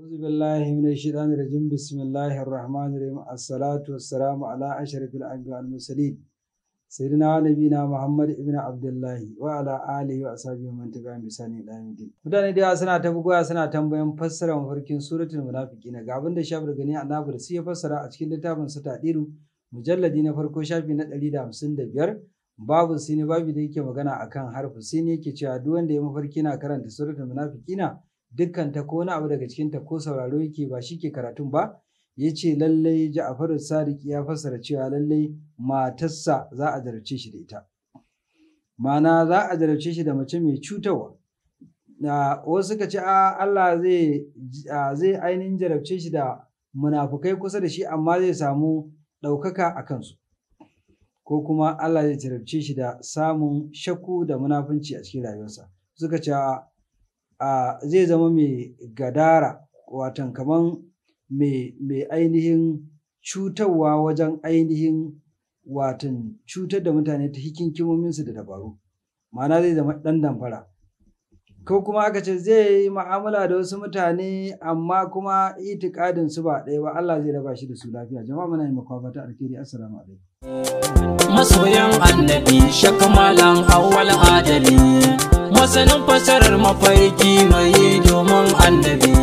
أعوذ بالله من الشيطان الرجيم بسم الله الرحمن الرحيم الصلاة والسلام على أشرف الأنبياء والمرسلين سيدنا نبينا محمد ابن عبد الله وعلى آله وأصحابه من تبعهم بإحسان إلى يوم mutane da suna ta bugowa suna tambayan fassara mafarkin suratul munafiqin ga abin da shafir gani annabi sai ya fassara a cikin littafin sataɗiru mujalladi na farko shafi na 155 babu sini babu da yake magana akan harfi sini yake cewa duk wanda ya mafarki na karanta suratul munafiqina dukkanta ko wani abu daga cikinta ko sauraro yake ba shi ke karatun ba ya ce lallai ja'afar sadiq ya fassara cewa lallai matarsa za a jarabce shi da ita ma'ana za a jarabce shi da mace mai cutarwa na wasu suka ce a Allah zai zai ainihin jarabce shi da munafukai kusa da shi amma zai samu ɗaukaka a kansu ko kuma Allah zai jarabce shi da samun shakku da munafunci a cikin rayuwarsa suka ce zai zama mai gadara watan kaman mai ainihin cutarwa wajen ainihin watan cutar da mutane ta hikinkimominsu da dabaru ma'ana zai zama ɗan damfara ko kuma aka ce zai yi ma'amala da wasu mutane amma kuma itikadin su ba ɗaya ba Allah zai raba shi da su lafiya jama'a muna yi makwa fata alkhairi assalamu alaikum masoyan annabi shakamalan awwal adali masanin fasarar mafarki mai domin annabi